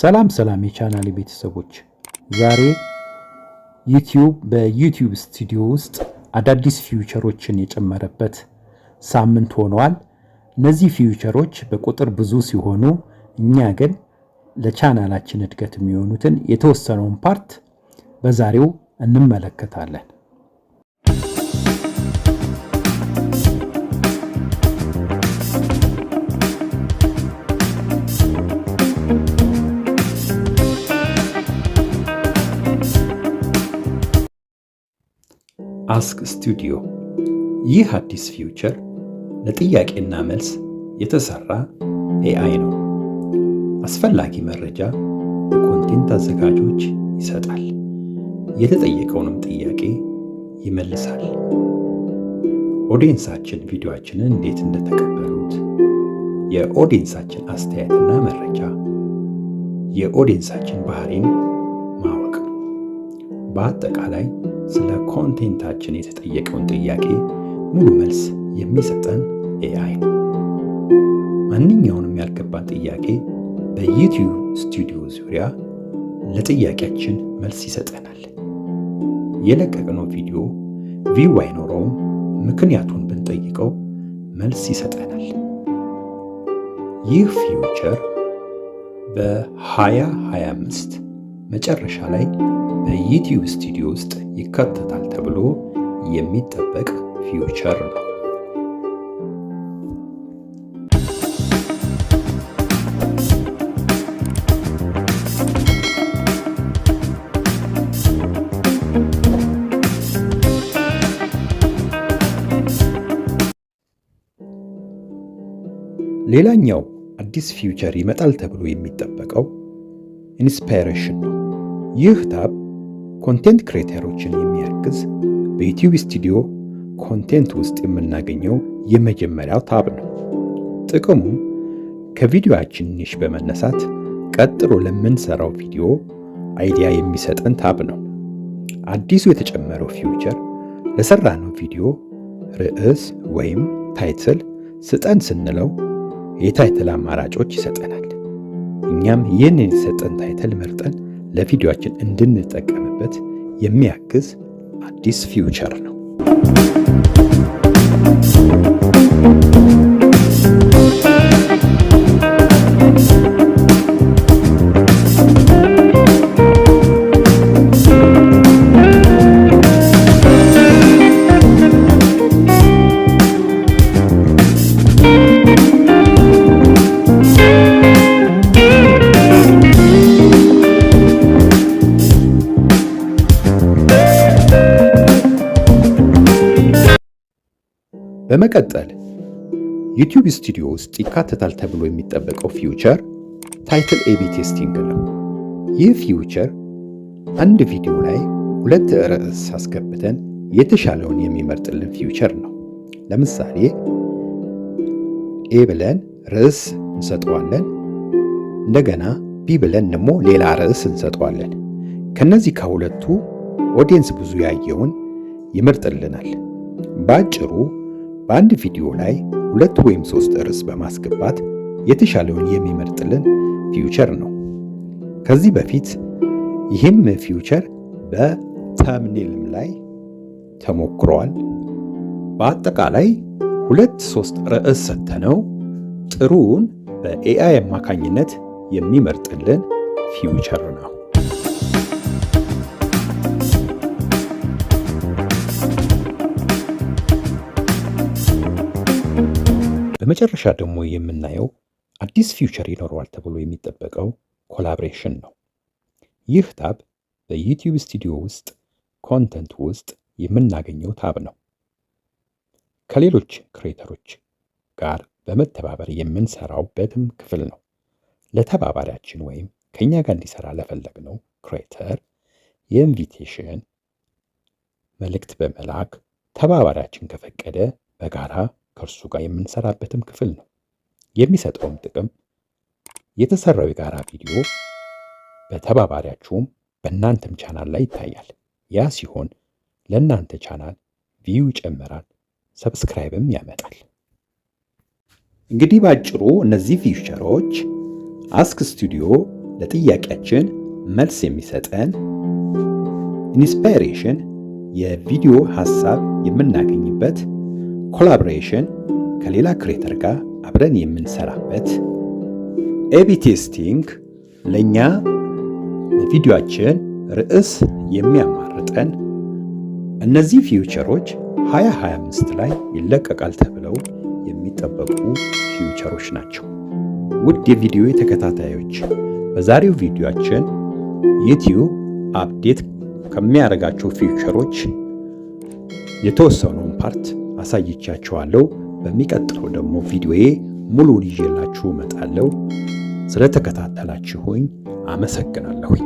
ሰላም ሰላም የቻናል ቤተሰቦች፣ ዛሬ ዩቲዩብ በዩቲዩብ ስቱዲዮ ውስጥ አዳዲስ ፊውቸሮችን የጨመረበት ሳምንት ሆነዋል። እነዚህ ፊውቸሮች በቁጥር ብዙ ሲሆኑ እኛ ግን ለቻናላችን እድገት የሚሆኑትን የተወሰነውን ፓርት በዛሬው እንመለከታለን። አስክ ስቱዲዮ። ይህ አዲስ ፊውቸር ለጥያቄና መልስ የተሰራ ኤአይ ነው። አስፈላጊ መረጃ ለኮንቴንት አዘጋጆች ይሰጣል፣ የተጠየቀውንም ጥያቄ ይመልሳል። ኦዲየንሳችን ቪዲዮአችንን እንዴት እንደተቀበሉት፣ የኦዲየንሳችን አስተያየትና መረጃ፣ የኦዲየንሳችን ባህሪን በአጠቃላይ ስለ ኮንቴንታችን የተጠየቀውን ጥያቄ ሙሉ መልስ የሚሰጠን ኤአይ ነው። ማንኛውንም ያልገባን ጥያቄ በዩቲዩብ ስቱዲዮ ዙሪያ ለጥያቄያችን መልስ ይሰጠናል። የለቀቅነው ቪዲዮ ቪው አይኖረውም። ምክንያቱን ብንጠይቀው መልስ ይሰጠናል። ይህ ፊውቸር በ2025 መጨረሻ ላይ በዩቲዩብ ስቱዲዮ ውስጥ ይካተታል ተብሎ የሚጠበቅ ፊውቸር ነው። ሌላኛው አዲስ ፊውቸር ይመጣል ተብሎ የሚጠበቀው ኢንስፓይሬሽን ነው። ይህ ታብ ኮንቴንት ክሬተሮችን የሚያግዝ በዩቲዩብ ስቱዲዮ ኮንቴንት ውስጥ የምናገኘው የመጀመሪያው ታብ ነው። ጥቅሙ ከቪዲዮአችን ኒሽ በመነሳት ቀጥሎ ለምንሰራው ቪዲዮ አይዲያ የሚሰጠን ታብ ነው። አዲሱ የተጨመረው ፊውቸር ለሰራነው ቪዲዮ ርዕስ ወይም ታይትል ስጠን ስንለው የታይትል አማራጮች ይሰጠናል። እኛም ይህንን የተሰጠን ታይትል መርጠን ለቪዲዮአችን እንድንጠቀምበት የሚያግዝ አዲስ ፊውቸር ነው። በመቀጠል ዩቲዩብ ስቱዲዮ ውስጥ ይካተታል ተብሎ የሚጠበቀው ፊውቸር ታይትል ኤቢ ቴስቲንግ ነው። ይህ ፊውቸር አንድ ቪዲዮ ላይ ሁለት ርዕስ አስገብተን የተሻለውን የሚመርጥልን ፊውቸር ነው። ለምሳሌ ኤ ብለን ርዕስ እንሰጠዋለን። እንደገና ቢ ብለን ደግሞ ሌላ ርዕስ እንሰጠዋለን። ከነዚህ ከሁለቱ ኦዲየንስ ብዙ ያየውን ይመርጥልናል። በአጭሩ በአንድ ቪዲዮ ላይ ሁለት ወይም ሶስት ርዕስ በማስገባት የተሻለውን የሚመርጥልን ፊውቸር ነው። ከዚህ በፊት ይህም ፊውቸር በተምኔልም ላይ ተሞክሯል። በአጠቃላይ ሁለት ሶስት ርዕስ ሰተነው ጥሩውን በኤአይ አማካኝነት የሚመርጥልን ፊውቸር ነው። በመጨረሻ ደግሞ የምናየው አዲስ ፊውቸር ይኖረዋል ተብሎ የሚጠበቀው ኮላብሬሽን ነው። ይህ ታብ በዩቲዩብ ስቱዲዮ ውስጥ ኮንተንት ውስጥ የምናገኘው ታብ ነው። ከሌሎች ክሬተሮች ጋር በመተባበር የምንሰራውበትም ክፍል ነው። ለተባባሪያችን ወይም ከእኛ ጋር እንዲሰራ ለፈለግነው ክሬተር የኢንቪቴሽን መልእክት በመላክ ተባባሪያችን ከፈቀደ በጋራ ከእርሱ ጋር የምንሰራበትም ክፍል ነው። የሚሰጠውም ጥቅም የተሰራው የጋራ ቪዲዮ በተባባሪያችሁም በእናንተም ቻናል ላይ ይታያል። ያ ሲሆን ለእናንተ ቻናል ቪው ይጨምራል፣ ሰብስክራይብም ያመጣል። እንግዲህ ባጭሩ እነዚህ ፊቸሮች አስክ ስቱዲዮ ለጥያቄያችን መልስ የሚሰጠን፣ ኢንስፓይሬሽን የቪዲዮ ሐሳብ የምናገኝበት ኮላቦሬሽን ከሌላ ክሬተር ጋር አብረን የምንሰራበት፣ ኤቢ ቴስቲንግ ለእኛ ለቪዲዮአችን ርዕስ የሚያማርጠን እነዚህ ፊውቸሮች 2025 ላይ ይለቀቃል ተብለው የሚጠበቁ ፊውቸሮች ናቸው። ውድ የቪዲዮ ተከታታዮች በዛሬው ቪዲዮአችን ዩቲዩብ አፕዴት ከሚያደርጋቸው ፊውቸሮች የተወሰኑን ፓርት አሳይቻችኋለሁ። በሚቀጥለው ደግሞ ቪዲዮዬ ሙሉውን ይዤላችሁ እመጣለሁ። ስለተከታተላችሁኝ አመሰግናለሁኝ።